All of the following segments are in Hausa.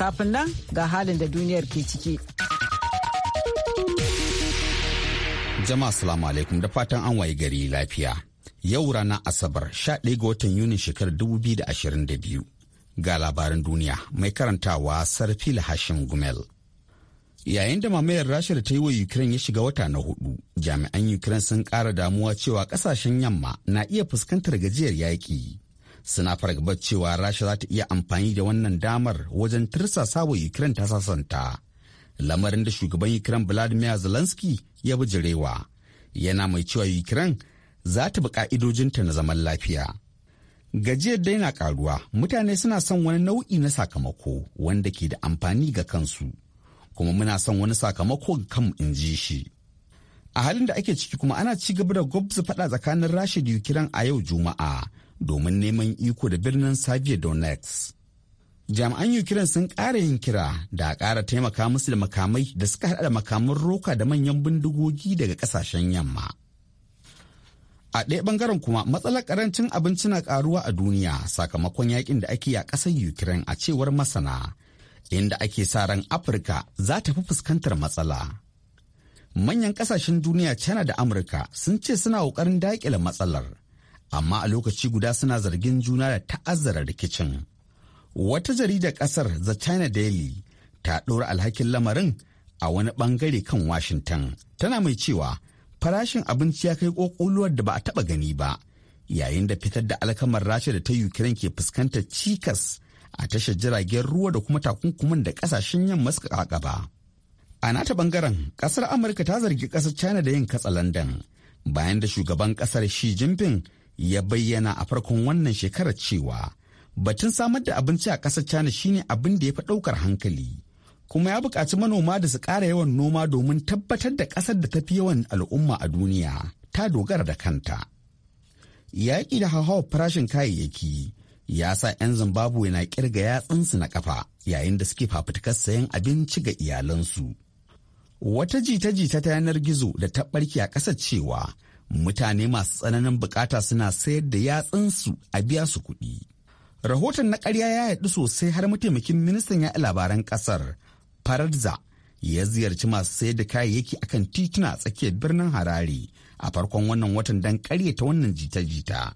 Kafin nan ga halin da duniyar ke ciki. Jama'a salamu alaikum da fatan an waye gari lafiya. Yau ranar Asabar 11 ga watan Yunin shekarar 2022. Ga labaran duniya mai karantawa Sarfil Hashim Gumel. Yayin da mamayar Rasha da ta yi wa Ukraine ya shiga wata na hudu, jami'an Ukraine sun kara damuwa cewa kasashen yamma na iya fuskantar gajiyar yaƙi. suna fargabar cewa rasha za ta iya amfani da wannan damar wajen tirsasa wa ukraine ta sasanta lamarin da shugaban ukraine vladimir zelensky ya bijirewa yana mai cewa ukraine za ta bi ka'idojinta na zaman lafiya gajiyar dai na karuwa mutane suna son wani nau'i na sakamako wanda ke da amfani ga kansu kuma muna son wani sakamako ga kanmu in ji shi a halin da ake ciki kuma ana ci gaba da gwabza faɗa tsakanin rasha da ukraine a yau juma'a domin neman iko da birnin Donetsk. Jami'an Ukraine sun ƙara yin kira da a ƙara taimaka musu da makamai da suka haɗa da makaman roka da manyan bindigogi daga ƙasashen yamma. A ɗaya ɓangaren kuma matsalar ƙarancin abinci na ƙaruwa a duniya sakamakon yakin da ake yi a ƙasar Ukraine a cewar masana, inda ake sa ran Afirka za ta fi fuskantar matsala. Manyan ƙasashen duniya China da Amurka sun ce suna ƙoƙarin daƙile matsalar amma a lokaci guda suna zargin juna da ta'azzara rikicin. Wata jaridar kasar The China Daily ta ɗora alhakin lamarin a wani ɓangare kan Washington. Tana mai cewa farashin abinci ya kai ƙoƙoluwar da ba a taɓa gani ba, yayin da fitar da alkamar Rasha da ta Ukraine ke fuskantar cikas a tashar jiragen ruwa da kuma takunkumin da ƙasashen yamma suka ba. A nata ɓangaren, ƙasar Amurka ta zargi ƙasar China da yin katsa London, bayan da shugaban ƙasar Xi Jinping ya bayyana a farkon wannan shekarar cewa batun samar da abinci a ƙasar China shine abin da ya fi ɗaukar hankali. Kuma ya buƙaci manoma da su ƙara yawan noma domin tabbatar da ƙasar da ta fi yawan al'umma a duniya ta dogara da kanta. Yaƙi da hauhawar farashin kayayyaki ya sa 'yan Zimbabwe na ƙirga yatsunsu na ƙafa yayin da suke fafutukar sayan abinci ga iyalansu. Wata jita-jita ta yanar gizo da ta ɓarke a ƙasar cewa mutane masu tsananin bukata suna sayar da yatsunsu a biya su kuɗi. Rahoton na ƙarya ya yaɗu sosai har mataimakin ministan ya labaran ƙasar Faradza ya ziyarci masu sayar da kayayyaki akan tituna tsakiyar birnin Harare a farkon wannan watan don ta wannan jita-jita.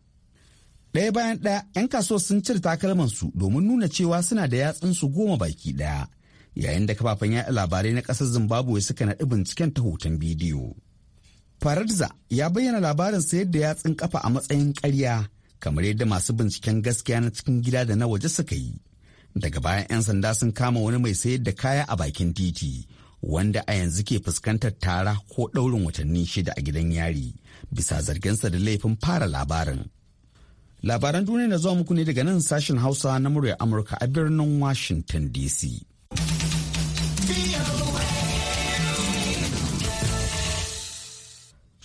Ɗaya bayan ɗaya 'yan kasuwa sun cire su. domin nuna cewa suna da yatsunsu goma baki ɗaya yayin da kafafen yaɗa labarai na ƙasar Zimbabwe suka naɗi binciken ta hoton bidiyo. Faradza ya bayyana labarin yadda ya yatsun kafa a matsayin ƙarya kamar yadda masu binciken gaskiya na cikin gida da na waje suka yi. Daga bayan 'yan sanda sun kama wani mai sayar da kaya a bakin titi wanda a yanzu ke fuskantar tara ko ɗaurin watanni shida a gidan yari bisa zarginsa da laifin fara labarin. Labaran duniya na zuwa muku ne daga nan sashen Hausa na murya Amurka a birnin Washington DC.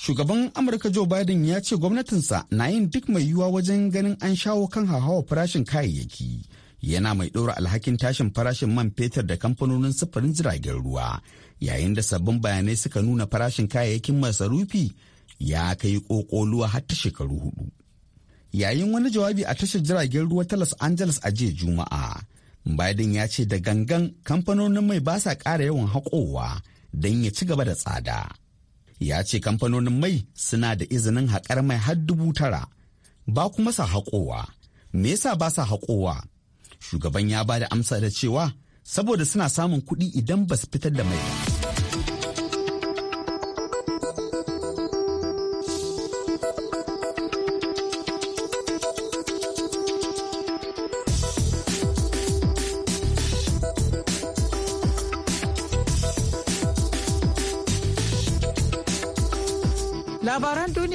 Shugaban Amurka Joe Biden ya ce gwamnatinsa na yin duk mai yiwuwa wajen ganin an shawo kan hauhawar farashin kayayyaki. Yana mai ɗora alhakin tashin farashin man fetur da kamfanonin sufurin jiragen ruwa, yayin da sabbin bayanai suka nuna farashin kayayyakin masarufi ya kai ƙoƙoluwa har ta shekaru hudu. Yayin wani jawabi a tashar jiragen ruwa ta Los Angeles a jiya Juma'a, Biden ya ce da gangan kamfanonin mai ba sa ƙara yawan haƙowa don ya ci gaba da tsada. ya ce kamfanonin mai suna da izinin haƙar mai har dubu tara ba kuma sa haƙowa me yasa ba sa haƙowa shugaban ya ba da amsa da cewa saboda suna samun kuɗi idan ba su fitar da mai ba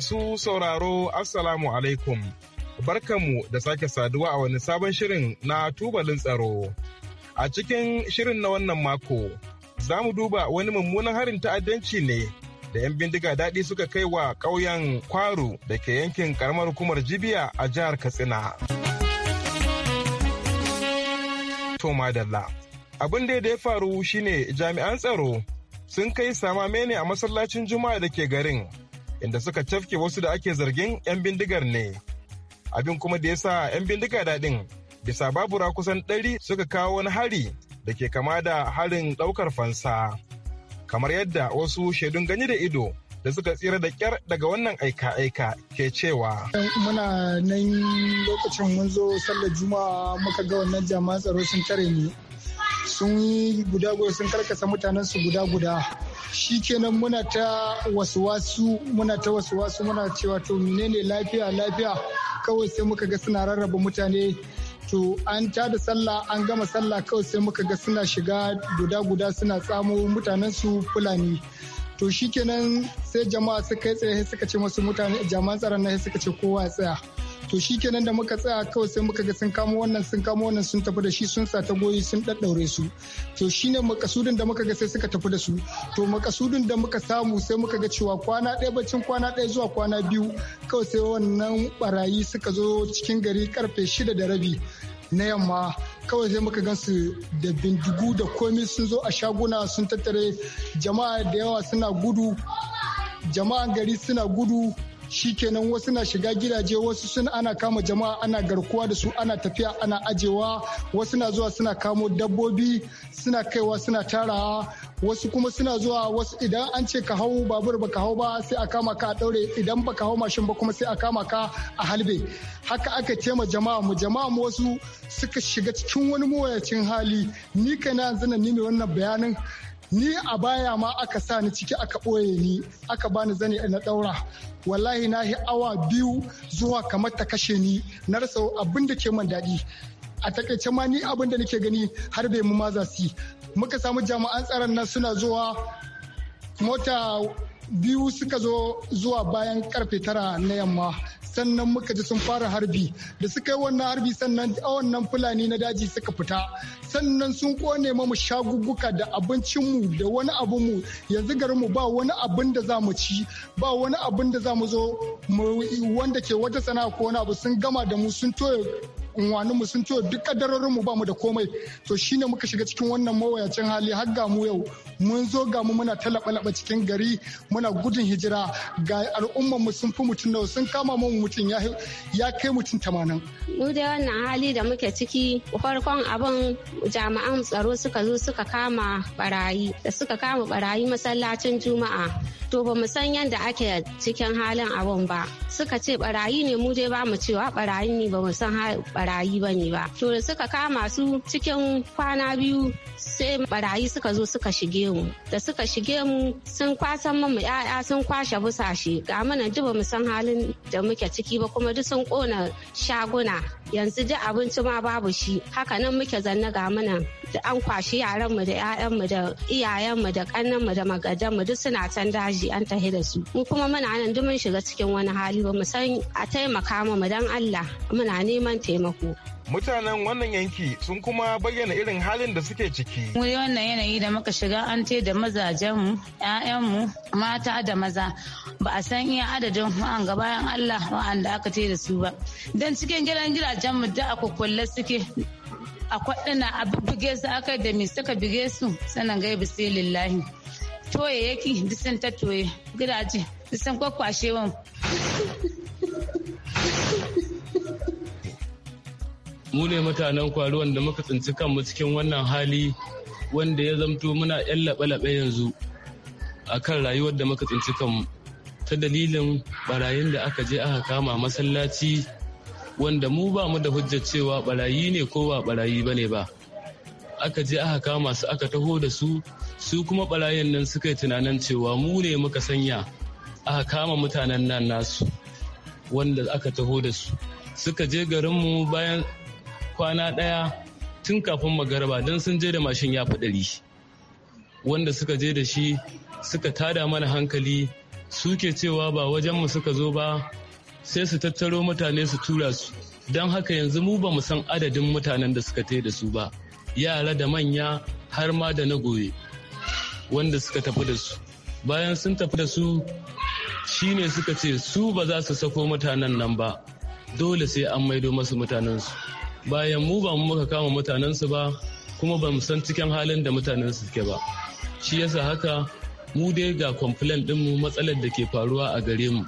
Masu sauraro Assalamu alaikum. Barkanmu da sake saduwa a wani sabon shirin na tubalin tsaro. A cikin shirin na wannan mako, za mu duba wani mummunan harin ta'addanci ne da 'yan bindiga daɗi suka kai wa ƙauyen kwaru da ke yankin karamar hukumar jibiya a jihar katsina abin da ya faru shine jami'an tsaro sun kai sama mene a masallacin juma'a da ke garin inda suka cafke wasu da ake zargin 'yan bindigar ne. Abin kuma da ya sa 'yan bindiga daɗin bisa babura kusan ɗari suka kawo wani hari da ke kama da harin ɗaukar fansa. Kamar yadda wasu shaidun gani da ido da suka tsira da kyar daga wannan aika-aika ke cewa. Muna nan lokacin mun zo sallar juma'a muka ga wannan jama'an tsaro sun tare mu sun yi guda guda sun karkasa mutanen su guda guda shi kenan muna ta wasu muna ta wasu muna cewa to menene lafiya lafiya kawai sai muka ga suna rarraba mutane to an ta da sallah an gama sallah kawai sai muka ga suna shiga guda guda suna tsamo mutanen su fulani to shikenan sai jama'a suka yi tsaye suka ce masu mutane jama'an tsaron na suka ce kowa tsaya to shi kenan da muka tsaya kawai sai muka ga sun kamo wannan sun kamo wannan sun tafi da shi sun sa ta goyi sun daddaure su to shine makasudin da muka ga sai suka tafi da su to makasudin da muka samu sai muka ga cewa kwana ɗaya bacin kwana ɗaya zuwa kwana biyu kawai sai wannan barayi suka zo cikin gari karfe shida da rabi na yamma kawai sai muka gansu da bindigu da komi sun zo a shaguna sun tattare jama'a da yawa suna gudu jama'an gari suna gudu shikenan wasu na shiga gidaje wasu sun ana kama jama'a ana garkuwa da su ana tafiya ana ajewa wasu na zuwa suna kamo dabbobi suna kaiwa suna tarawa wasu kuma suna zuwa wasu idan an ce ka hau babur ba ka hau ba sai a kama ka a daure idan ba ka hau mashin ba kuma sai a kama ka a halbe haka aka ce ma jama'a mu jama'a mu wasu suka shiga cikin wani mawayacin hali ni kai na yanzu ni mai wannan bayanin ni a baya ma aka sa ni ciki aka ɓoye ni aka bani zani na ɗaura wallahi na yi awa biyu zuwa kamar ta kashe ni na rasa abin da ke man daɗi a takaice ma ni abin da nake gani har bai mu mazasi muka samu jami'an tsaron nan suna zuwa mota biyu suka zo zuwa bayan karfe tara na yamma sannan muka ji sun fara harbi da suka yi wannan harbi sannan wannan fulani na daji suka fita sannan sun kone mu shagugguka da abincinmu da wani abinmu yanzu garinmu ba wani abin da za mu ci ba wani abin da za mu zo wanda ke wata sana'a ko wani abu sun gama da mu sun toye unwanin mu sun ciwo duk kadarorin mu ba mu da komai to shine muka shiga cikin wannan mawayacin hali har ga mu yau mun zo ga mu muna laba cikin gari muna gudun hijira ga al'ummar mu sun fi mutum nawa sun kama mu mutum ya kai mutum tamanin. mu da wannan hali da muke ciki farkon abin jami'an tsaro suka zo suka kama barayi da suka kama barayi masallacin juma'a to ba san yadda ake cikin halin abin ba suka ce barayi ne mu dai ba mu cewa barayi ne ba mu san barayi ba ne ba to da suka kama su cikin kwana biyu sai barayi suka zo suka shige mu da suka shige mu sun kwasan mu ya'ya sun kwashe busashe ga mana duk ba mu san halin da muke ciki ba kuma duk sun kona shaguna yanzu duk abinci ma babu shi haka nan muke zanne ga mana da an kwashi yaran mu da ƴaƴan mu da iyayen mu da kannan mu da magadan mu duk suna can daji an tahi da su mu kuma muna nan duk mun shiga cikin wani hali ba mu san a taimaka mu dan Allah muna neman taimako taimako. Mutanen wannan yanki sun kuma bayyana irin halin da suke ciki. wuri wannan yanayi da muka shiga an te da mazajenmu, 'ya'yanmu, mata da maza ba a san iya adadin an ga bayan Allah wa'anda aka te da su ba. don cikin gidan gidajenmu da a kwakwalle suke a kwaɗina a buge su aka da me suka buge su sanan gaibu sai lillahi. Toye yaki gidaje mu ne mutanen kwari wanda muka tsinci kanmu cikin wannan hali wanda ya zamto muna yan laɓe-laɓe yanzu a kan rayuwar da muka tsinci kanmu ta dalilin barayin da aka je aka kama masallaci wanda mu ba mu da hujjar cewa barayi ne ko ba barayi ba ne ba aka je aka kama su aka taho da su su kuma barayin nan suka yi tunanin cewa mu ne muka sanya aka kama mutanen nan nasu wanda aka taho da su suka je garinmu bayan kwana ɗaya tun kafin magaraba don sun je da mashin ya fi ɗari wanda suka je da shi suka tada mana hankali suke cewa ba wajenmu suka zo ba sai su tattaro mutane su tura su don haka yanzu mu ba mu san adadin mutanen da suka tai da su ba yara da manya har ma da na goye wanda suka tafi da su bayan sun tafi da su shi ne suka ce su ba za su sako mutanen nan ba dole sai an maido masu mutanensu bayan mu ba mu muka kama mutanensu ba kuma ba mu san cikin halin da mutanen su suke ba shi yasa haka mu dai ga complaint din mu matsalar da ke faruwa a gare mu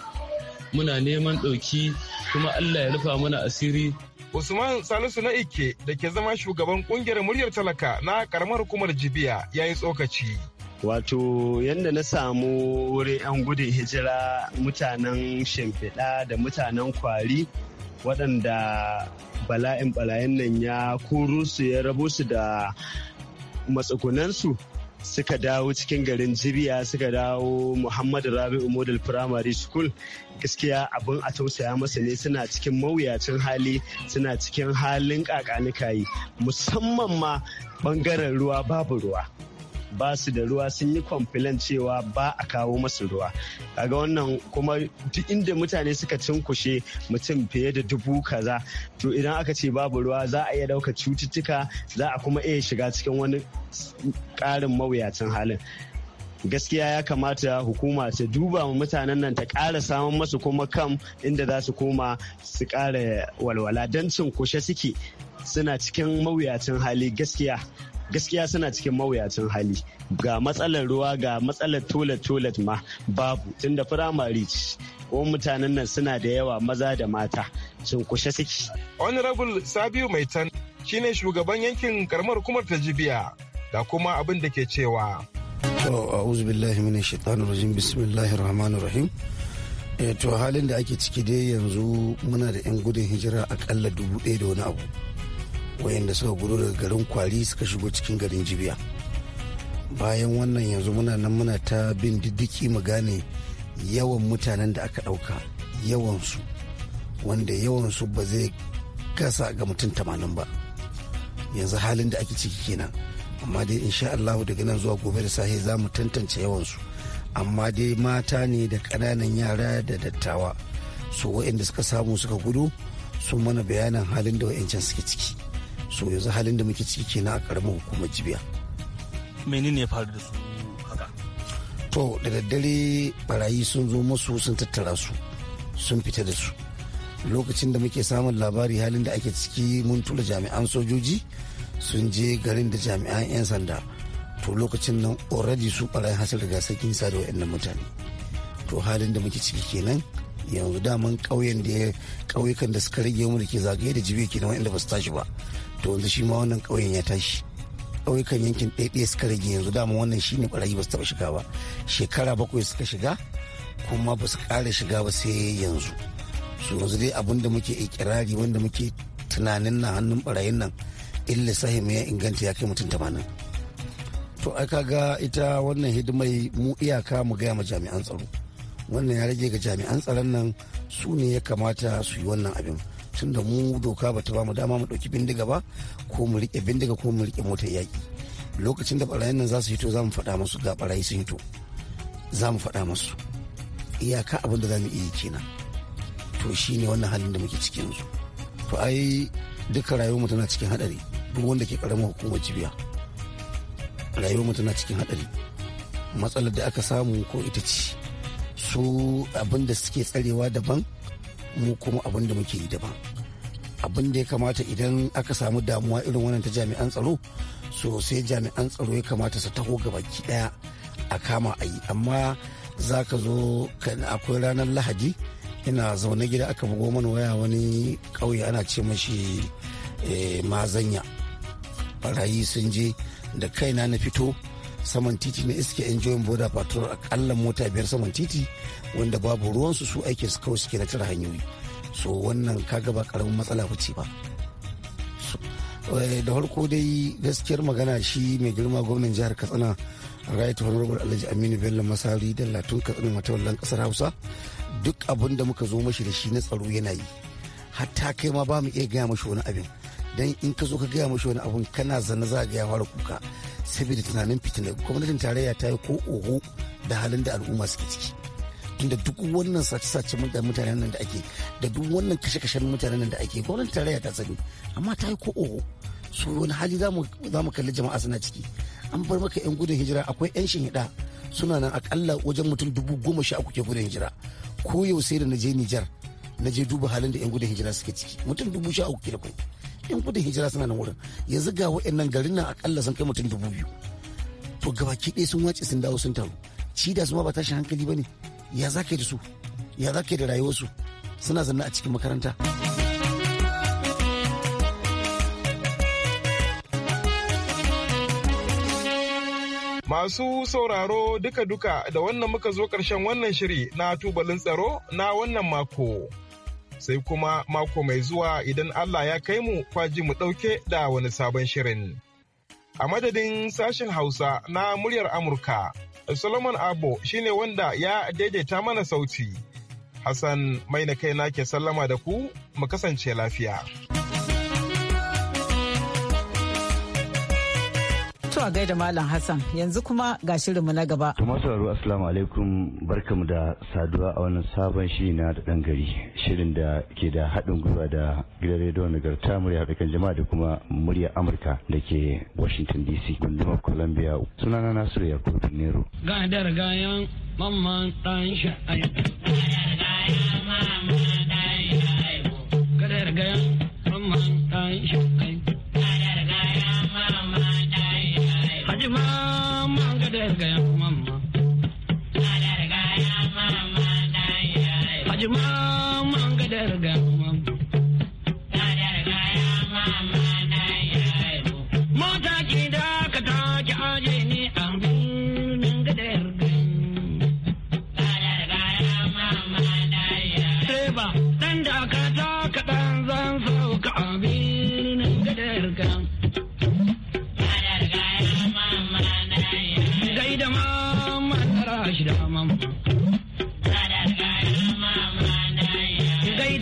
muna neman ɗauki kuma Allah ya rufa mana asiri Usman Salisu na Ike da ke zama shugaban kungiyar muryar talaka na karamar hukumar Jibiya ya yi tsokaci. wato yadda na samu wurin 'yan gudun hijira mutanen shimfiɗa da mutanen kwari waɗanda bala'in bala'in nan ya kuru su ya rabo su da matsugunansu suka dawo cikin garin jibiya suka dawo muhammadu rabi'u model primary school gaskiya abin a tausaya masa ne suna cikin mawuyacin hali suna cikin halin kakanikayi musamman ma bangaren ruwa babu ruwa ba su da ruwa sun yi kwamfilan cewa ba a kawo masu ruwa kaga wannan kuma duk inda mutane suka cinkushe mutum fiye da dubu kaza to idan aka ce babu ruwa za a iya dauka cututtuka za a kuma iya shiga cikin wani karin mawuyacin halin gaskiya ya kamata hukuma ta duba wa mutanen nan ta ƙara samun masu kuma kam inda za su koma su ƙara walwala don cinkushe suke suna cikin mawuyacin hali gaskiya gaskiya suna cikin mawuyacin hali ga matsalar ruwa ga matsalar toilet toilet ma babu tunda firamare kuma mutanen nan suna da yawa maza da mata sun kushe suke. honorable sabiu maitan shine shugaban yankin karamar hukumar ta jibiya da kuma abin da ke cewa to eh, to halin da ake ciki dai yanzu muna da yan gudun hijira akalla dubu ɗaya da wani abu wayanda suka gudu daga garin kwari suka shigo cikin garin jibiya bayan wannan yanzu muna nan muna ta bin diddiki mu gane yawan mutanen da aka ɗauka yawansu wanda yawansu ba zai gasa ga mutum tamanin ba yanzu halin da ake ciki kenan amma dai insha Allah daga nan zuwa gobe da sahi za mu tantance yawansu amma dai mata ne da ƙananan yara da dattawa so waɗanda suka samu suka gudu sun mana bayanin halin da wa'yancan suke ciki. so yanzu halin da muke ciki kenan a karamar hukumar jibiya menene ya faru da su to da daddare barayi sun zo masu sun tattara su sun fita da su lokacin da muke samun labari halin da ake ciki mun tura jami'an sojoji sun je garin da jami'an 'yan sanda to lokacin nan already su barayi hasil riga sakin sa da wa'annan mutane to halin da muke ciki kenan yanzu daman ƙauyen da ƙauyukan da suka rage mu da ke zagaye da jibiya kenan wa'anda ba su tashi ba to yanzu shi ma wannan ƙauyen ya tashi ƙauyukan yankin ɗaiɗaya suka rage yanzu dama wannan shi ne ɓarayi ba su taɓa shiga ba shekara bakwai suka shiga kuma ba su ƙara shiga ba sai yanzu su yanzu dai abin da muke ikirari wanda muke tunanin na hannun ɓarayin nan in lissafin ya inganta ya kai mutum tamanin to ai ga ita wannan hidimai mu iyaka mu gaya ma jami'an tsaro wannan ya rage ga jami'an tsaron nan su ne ya kamata su yi wannan abin tunda da mu doka ba ta ba mu dama mu ɗauki bindiga ba ko mu riƙe bindiga ko mu riƙe mota yaƙi lokacin da ɓarayin nan za su hito za mu faɗa musu ga ɓarayi sun hito za mu faɗa musu iyaka abin da za mu iya kenan to shi ne wannan halin da muke cikin yanzu to ai duka rayuwarmu tana cikin haɗari duk wanda ke ƙaramin hukumar jibiya rayuwarmu tana cikin haɗari matsalar da aka samu ko ita ce su abin da suke tsarewa daban mu kuma abin da muke yi daban abin da ya kamata idan aka samu damuwa irin wannan ta jami'an tsaro so sai jami'an tsaro ya kamata su taho ga baki daya a kama a yi amma za ka zo akwai ranar lahadi ina zaune gida aka bugo mana waya wani ƙauye ana ce mashi eh, mazanya barayi sun je da kaina na fito saman titi na iske enjoyin border patrol akalla mota biyar saman titi wanda babu ruwansu su aike su kawai suke na tara hanyoyi so wannan kaga ba karamin matsala ba ce ba eh, da farko dai gaskiyar magana shi mai girma gwamnan jihar katsina right honorable alhaji aminu bello masari da latun katsina matawallan kasar hausa duk abin da muka zo mashi da shi na tsaro yana yi hatta kai ma ba mu iya gaya mashi wani abin dan in ka zo ka gaya mashi wani abin kana zane za a gaya mara kuka saboda tunanin fitina gwamnatin tarayya ta yi ko oho da halin da al'umma suke ciki tunda duk wannan sace-sace mutanen nan da ake da duk wannan kashe-kashen mutanen nan da ake gwamnatin tarayya ta sani amma ta yi ko oho su wani hali za mu kalli jama'a suna ciki an bar maka 'yan gudun hijira akwai 'yan shinhiɗa suna nan akalla wajen mutum dubu goma sha uku ke gudun hijira ko yau sai da na je Nijar na je duba halin da 'yan gudun hijira suke ciki mutum dubu sha uku ke da kwai yan gudun hijira suna nan wurin yanzu ga nan garin nan akalla sun kai mutum dubu biyu to gabaki ɗaya sun wace sun dawo sun taru ci da su ma ba tashin hankali ba ne ya za da su ya za da rayuwarsu suna zanna a cikin makaranta. Masu sauraro duka-duka da wannan muka zo karshen wannan shiri na tubalin tsaro na wannan mako. sai kuma mako mai zuwa idan Allah ya kai mu kwaji mu ɗauke da wani sabon shirin. A madadin sashen Hausa na muryar Amurka, Solomon Abo shine wanda ya daidaita mana sauti. Hassan mai na kai na ke sallama da ku mu kasance lafiya. To a gaida Malam Hassan yanzu kuma ga shirinmu na gaba. Kuma sauraro Assalamu alaikum barkamu da saduwa a wannan sabon shiri na da gari shirin da ke da haɗin gwiwa da gidan rediyon nagarta murya haɗakan jama'a da kuma murya Amurka da ke Washington DC gundumar Columbia sunana Nasiru Yakubu Nero. Ga da gayan mamman ɗan sha'ai. Ga gayan mamman Juma'a.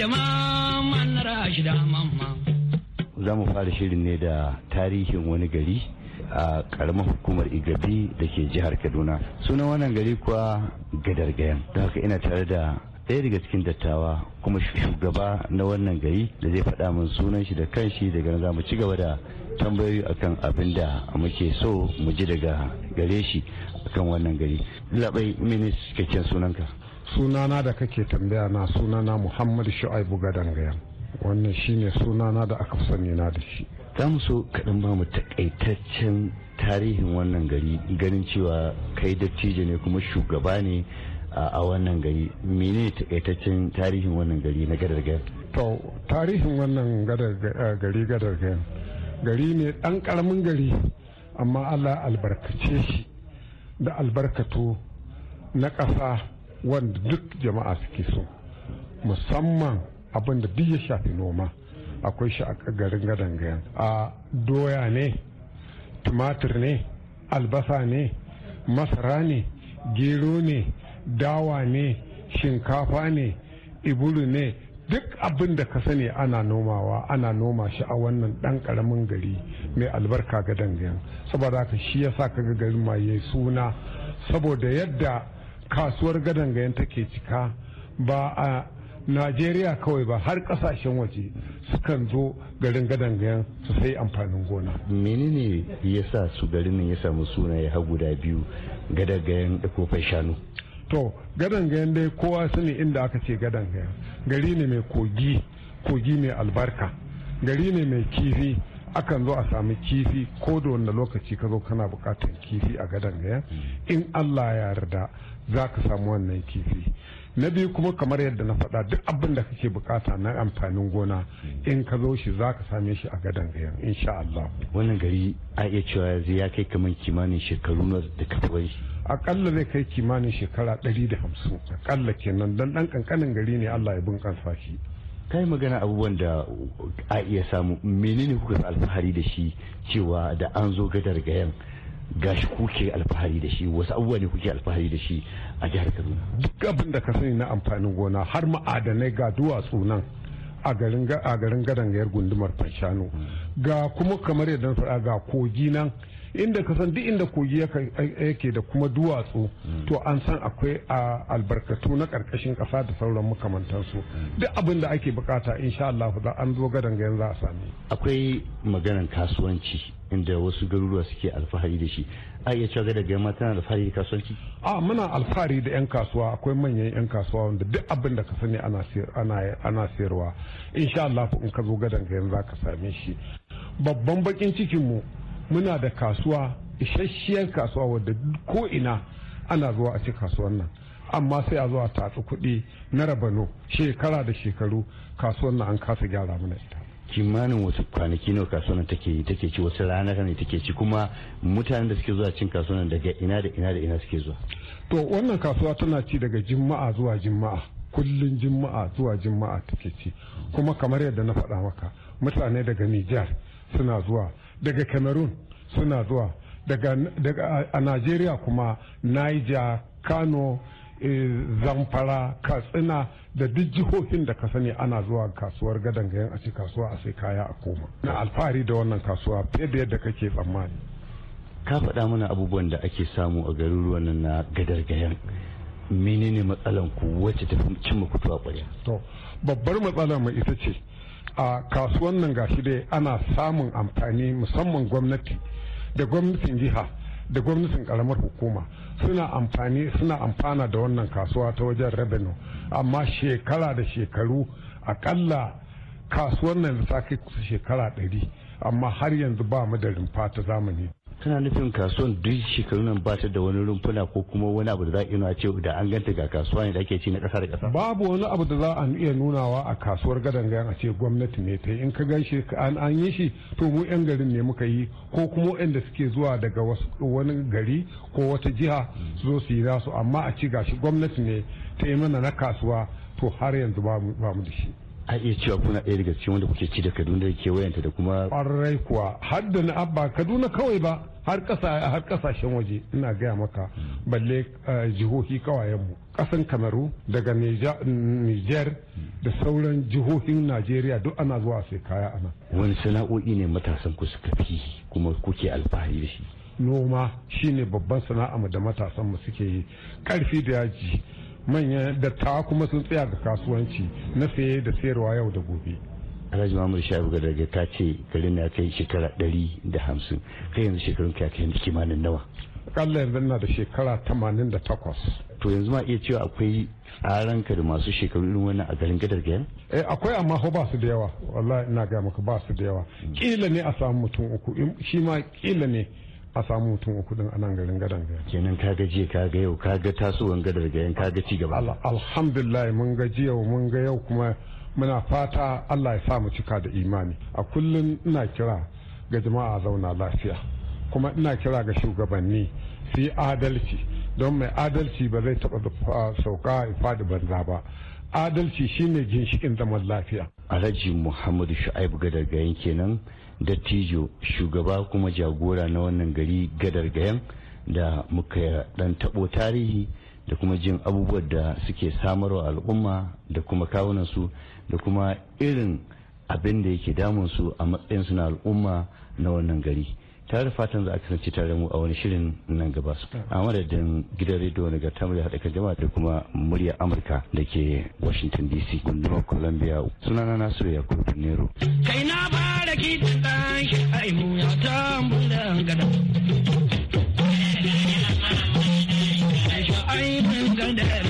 da na Za mu fara shirin ne da tarihin wani gari a karamar hukumar Igabi da ke jihar Kaduna. Sunan wannan gari kuwa Gadargayan. Da haka ina tare da ɗaya daga cikin dattawa kuma shugaba na wannan gari da zai faɗa min sunan shi da kanshi daga za mu ci gaba da tambayoyi akan abin da muke so mu ji daga gare shi akan wannan gari. Labai minis cikakken sunanka. sunana da kake tambaya na sunana muhammad shu'aibu gadangayan wannan shine sunana da aka sani na da shi za mu so kaɗan ba mu takaitaccen tarihin wannan gari ganin cewa kai dattijo ne kuma shugaba ne a wannan gari mene takaitaccen tarihin wannan gari na gadar gari. to tarihin wannan eh, gari gadar gari ne ɗan ƙaramin gari amma allah albarkace shi da albarkatu na ƙasa wanda duk jama'a suke so musamman abin da duk ya shafi noma akwai shi a garin gadon gayan a doya ne tumatir ne albasa ne masara ne gero ne dawa ne shinkafa ne iburu ne duk abin da ka sani ana nomawa ana noma shi a wannan ɗan karamin gari mai albarka ga dangayen saboda haka shi ya sa kaga garin ma ya suna saboda yadda kasuwar gadon gayan take cika ba a najeriya kawai ba har kasashen waje sukan zo garin gadon gayan su sai amfanin gona menene ya sa su garin nan ya samu suna ya hagu guda biyu gadon gayan da kofar shanu to gadon gayan dai kowa sani inda aka ce gadon gayan gari ne mai kogi kogi mai albarka gari ne mai kifi akan zo a sami kifi ko da wanda lokaci ka zo kana bukatar kifi a gadon gaya hmm. in allah ya yarda za ka samu wannan kifi na biyu kuma kamar yadda na faɗa duk abin da kake bukata na amfanin gona hmm. in ka zo shi za ka same shi a gadon gaya insha Allah. wannan gari a iya cewa zai ya kai kamar kimanin shekaru na da kafuwar shi akalla zai kai kimanin shekara ɗari da hamsin akalla kenan don ɗan ƙanƙanin gari ne Allah ya bunƙasa shi yi magana abubuwan da a iya samu menene kuka fi alfahari da shi cewa da an zo gadar gayan gashi kuke alfahari da shi wasu abubuwa ne kuke alfahari da shi a jihar kaduna duk abin da ka sani na amfanin gona har ma'adanai ga duwatsu nan a garin gadangayar gundumar fanshano hmm. ga kuma kamar yadda faɗa ga kogi nan inda ka san duk inda kogi yake da kuma duwatsu hmm. to an san akwai albarkatu na karkashin kasa da sauran makamantansu duk abin da ake bukata insha Allah da an zo gadan ga yanzu a sami akwai maganan kasuwanci inda wasu garuruwa suke alfahari da shi a iya cewa daga yamma tana alfahari da kasuwanci a muna alfahari da yan kasuwa akwai manyan yan kasuwa wanda duk abin da ka sani ana sayarwa insha Allah in ka zo gadan ga yanzu ka same shi babban bakin cikin mu muna da kasuwa isasshiyar kasuwa wadda ko ina ana zuwa a ci kasuwan nan amma sai a zuwa a tatsi kuɗi na rabano shekara da shekaru kasuwan nan an kasa gyara mana ita kimanin wasu kwanaki nawa kasuwan take take ci wasu ranar ne take ci kuma mutanen da suke zuwa cin kasuwan daga ina da ina da ina suke zuwa to wannan kasuwa tana ci daga juma'a zuwa juma'a kullun juma'a zuwa juma'a take ci kuma kamar yadda na faɗa maka mutane daga Nijar suna zuwa daga cameroon suna zuwa daga a najeriya kuma niger kano eh, zamfara katsina da duk jihohin da ka sani ana zuwa kasuwar gadon gayan a ce kasuwa a sai kaya a koma na alfahari da wannan kasuwa fiye da yadda kake tsammani ka faɗa mana abubuwan da ake samu a garuruwan nan na gadar gayan menene matsalan ku wacce ta fi cimma kutuwa ƙwarya to babbar matsalar mu ita ce a kasuwan nan gashi dai ana samun amfani musamman gwamnati da gwamnatin jiha da gwamnatin karamar hukuma suna amfani suna amfana da wannan kasuwa ta wajen revenue amma shekara da shekaru akalla kasuwan nan ta kai kusa shekara ɗari amma har yanzu ba mu da rumfa ta zamani kana nufin kasuwan duk shekaru nan ba ta da wani rumfuna ko kuma wani abu da za a cewa da an ganta ga kasuwa ne da ake ci na ƙasa da ƙasa babu wani abu da za a iya nunawa a kasuwar gadan gayan a ce gwamnati ne ta in ka gan shi an an yi shi to mu yan garin ne muka yi ko kuma waɗanda suke zuwa daga wani gari ko wata jiha su zo su yi nasu amma a ci gashi gwamnati ne ta yi mana na kasuwa to har yanzu ba mu da shi a iya cewa kuna ɗaya daga cikin wanda kuke ci da kaduna da kewayenta da kuma ƙwarai kuwa har da na abba kaduna kawai ba har har ƙasashen waje ina gaya maka balle eh, jihohi kawayenmu ƙasan kamaru daga niger da sauran jihohin najeriya duk ana zuwa sai kaya ana wani sana'o'i ne matasan ku suka fi kuma kuke alfahari da shi noma shine babban sana'a da matasan mu suke yi karfi da yaji manyan dattawa kuma sun tsaya ga kasuwanci na saye da sayarwa yau da gobe alhaji mamur shabu daga ta ce garin na kai shekara ɗari da hamsin kai yanzu shekarun ka kai kimanin nawa Kalla yanzu na da shekara tamanin da takwas to yanzu ma iya cewa akwai tsaranka da masu shekaru irin wannan a garin gadar gayan eh akwai amma ho ba su da yawa wallahi ina ga maka ba su da yawa kila hmm. ne a samu mutum uku shi ma kila ne a samu mutum uku din anan garin gadan gaya kenan ka ga jiya ka ga yau ka ga tasowar gadar gayan ka ga cigaba alhamdulillah mun ga jiya mun ga yau kuma muna fata Allah ya sa mu cika da imani a kullum ina kira ga jama'a zauna lafiya kuma ina kira ga shugabanni su adalci don mai adalci ba zai taɓa sauka ya faɗi banza ba adalci shine ginshikin zaman lafiya alhaji muhammadu shu'aibu gadar gayan kenan dattijo shugaba kuma jagora na wannan gari gadar gayan da muka dan tabo tarihi da kuma jin abubuwan da suke samarwa al'umma da kuma kawunansu da kuma irin abin da yake damunsu a matsayinsu na al'umma na wannan gari tare fatan za a kasance tare mu a wani shirin nan gaba su a madadin gidan rediyo na gata murya haɗa kan jama'a da kuma murya amurka da ke washington dc gundumar columbia sunana nasu ya kuma nero kai na ba sarki da ɗan shi